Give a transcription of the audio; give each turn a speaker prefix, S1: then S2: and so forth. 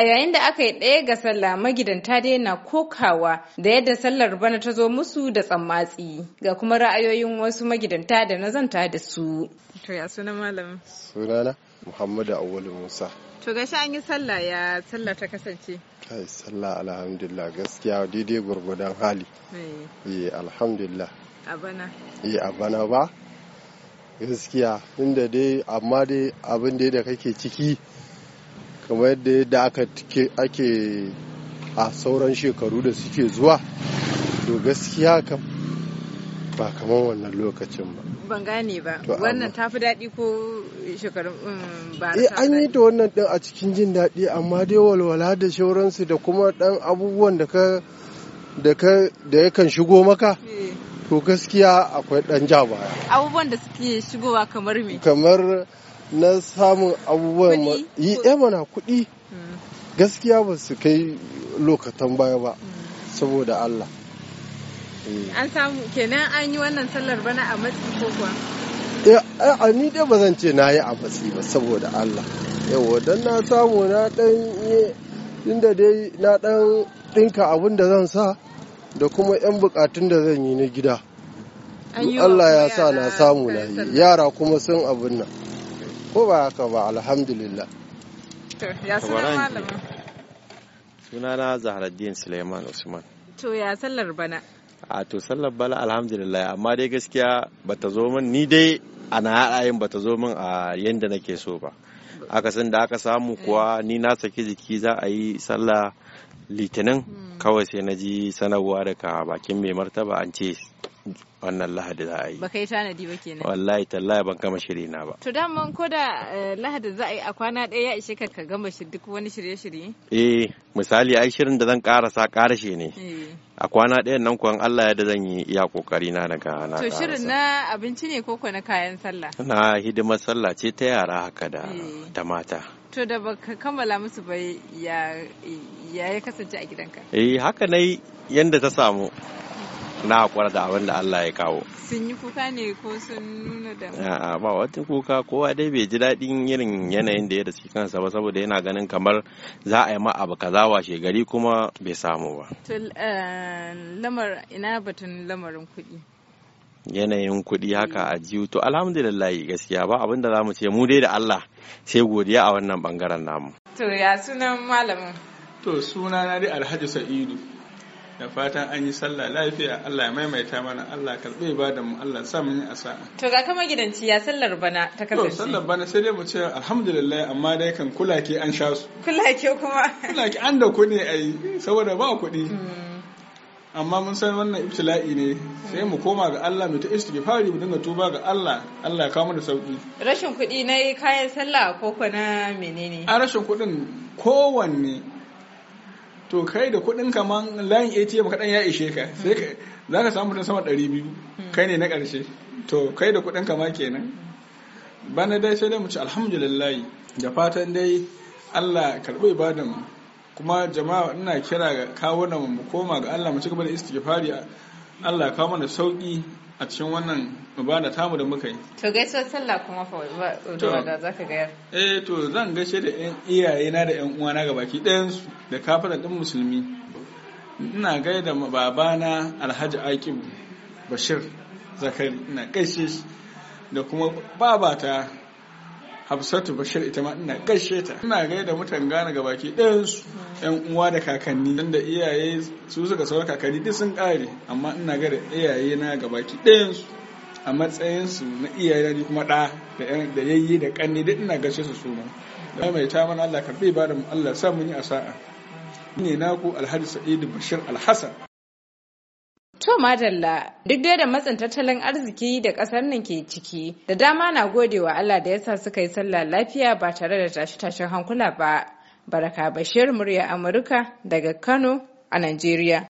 S1: A yayin da aka yi ɗaya ga sallah magidanta dai na kokawa da yadda sallar bana ta zo musu da tsammatsi ga kuma ra'ayoyin wasu magidanta da na zanta da su. To ya suna malam?
S2: Sunana Muhammadu Awwalu Musa.
S1: To gashi an yi sallah ya sallar ta kasance?
S2: Kai sallah alhamdulillah gaskiya daidai gwargwadon hali. Eh. eh alhamdulillah. A bana? Eh a bana ba. Gaskiya inda dai amma dai abin da kake ciki kamar yadda yadda ake a sauran shekaru da suke zuwa to gaskiya kam ba kamar wannan lokacin ba
S1: ban gane ba wannan tafi daɗi ko shekarun mm, ba eh
S2: an yi ta wannan ɗin a cikin jin daɗi amma dai walwala da shauransu da kuma ɗan abubuwan da ka da ka da yakan shigo maka eh. to gaskiya akwai ɗan ja baya
S1: abubuwan da suke shigowa kamar me
S2: kamar na samun abubuwan yi eh, mana kuɗi hmm. gaskiya ba su kai lokatan baya ba hmm. saboda Allah. Eh.
S1: An samu kenan an yi wannan sallar bana a matsi ko kuwa?
S2: Eh, a ni dai ba zan ce na yi a matsi ba saboda Allah. Yawa don na samu na ɗan yi inda dai na ɗan ɗinka abin da zan sa da kuma 'yan bukatun da zan yi na gida. Allah ya sa na samu na yi yara kuma sun abin nan. ko ba haka ba alhamdulillah
S1: ya suna malamin
S3: sunana zahraddin suleiman usman
S1: to ya sallar bana
S3: a to sallar bala alhamdulillah amma dai gaskiya bata zo min ni dai a na ba bata zo min a yanda nake so ba akasin da aka samu kuwa eh. ni na saki jiki za a yi sallah litinin hmm. kawai sai na ji sanarwa daga bakin mai martaba an ce wannan lahadi za a yi.
S1: Baka yi tanadi ba kenan.
S3: Wallahi tallahi ban kama shiri na ba.
S1: To daman ko da eh, lahadi za a yi a kwana ɗaya ya ishe ka gama shi duk wani shirye-shirye?
S3: Eh misali ai shirin da zan karasa karashe ne. Eh. A kwana ɗaya nan kuwan Allah ya da zan yi iya kokari na daga na To shirin
S1: na abinci ne ko na kayan sallah?
S3: Na hidimar sallah ce ta yara haka da eh. ta mata.
S1: to da baka kammala musu bai ya ya kasance a gidanka
S3: eh haka nai yanda ta samu na haƙura da abin da Allah ya kawo.
S1: Sun yi kuka ne ko sun nuna da
S3: A'a ba wata kuka kowa dai bai ji daɗin irin yanayin da ya da kansa ba saboda yana ganin kamar za a yi ma abu ka washe gari kuma bai samu ba.
S1: Eh, lamar ina batun lamarin kuɗi.
S3: Yanayin kuɗi haka a jiyu to alhamdulillah gaskiya ba abin da za mu ce mu dai da Allah sai godiya a wannan bangaren namu.
S1: To ya sunan malamin?
S4: To na dai Alhaji Sa'idu. da fatan an yi sallah lafiya Allah ya maimaita mana Allah karbe ibadan mu Allah sa mun yi asa.
S1: to ga kama gidanci ya sallar bana
S4: ta kasance to sallar bana sai dai mu ce alhamdulillah amma dai kan kulake an sha su kulake kuma kulake an da ku ne ai saboda ba kuɗi hmm. amma mun san wannan ibtila'i ne sai mu koma ga Allah mu ta istighfari mu dinga tuba ga Allah Allah ya kawo da sauki
S1: rashin kuɗi na kayan sallah ko ko na menene
S4: a rashin kuɗin kowanne to kai da kuɗin kaman layin atm kaɗan ya ishe ka sai ka za ka samu mutum sama ɗari biyu hmm. kai ne na ƙarshe to kai da kuɗin kama kenan bana dai sai dai mu ci alhamdulillah da fatan dai allah karɓi ibadan mu kuma jama'a ina kira ga na mu koma ga allah mu ci gaba da istighfari Allah ya kawo mana sauki a cikin wannan ibada tamu da muka yi
S1: to gaisuwar sallah kuma fa da zaka ga
S4: eh to zan gaishe da yan iyaye na da yan uwana gabaki ɗayan su da kafara din musulmi ina gaida babana Alhaji Aqib Bashir Zakari ina gaishe shi da kuma babata Hafsatu Bashir ita ma ina gaishe ta ina gaida mutan Ghana ga baki ɗayan su ƴan uwa da kakanni dan da iyaye su suka saura kakanni duk sun ƙare amma ina gaida iyaye na ga baki ɗayan su a matsayin su na iyaye na kuma ɗa da yayye da ƙanni duk ina gaishe su su ma da mai ta mana Allah bi ba da Allah sa mun yi asa'a ne naku Alhaji Sa'idu Bashir Alhassan To
S1: madalla duk dai da matsin tattalin arziki da ƙasar nan ke ciki da dama na gode wa Allah da yasa suka yi sallah lafiya ba tare da tashe-tashen hankula ba. Baraka Bashir murya Amurka daga Kano a Najeriya.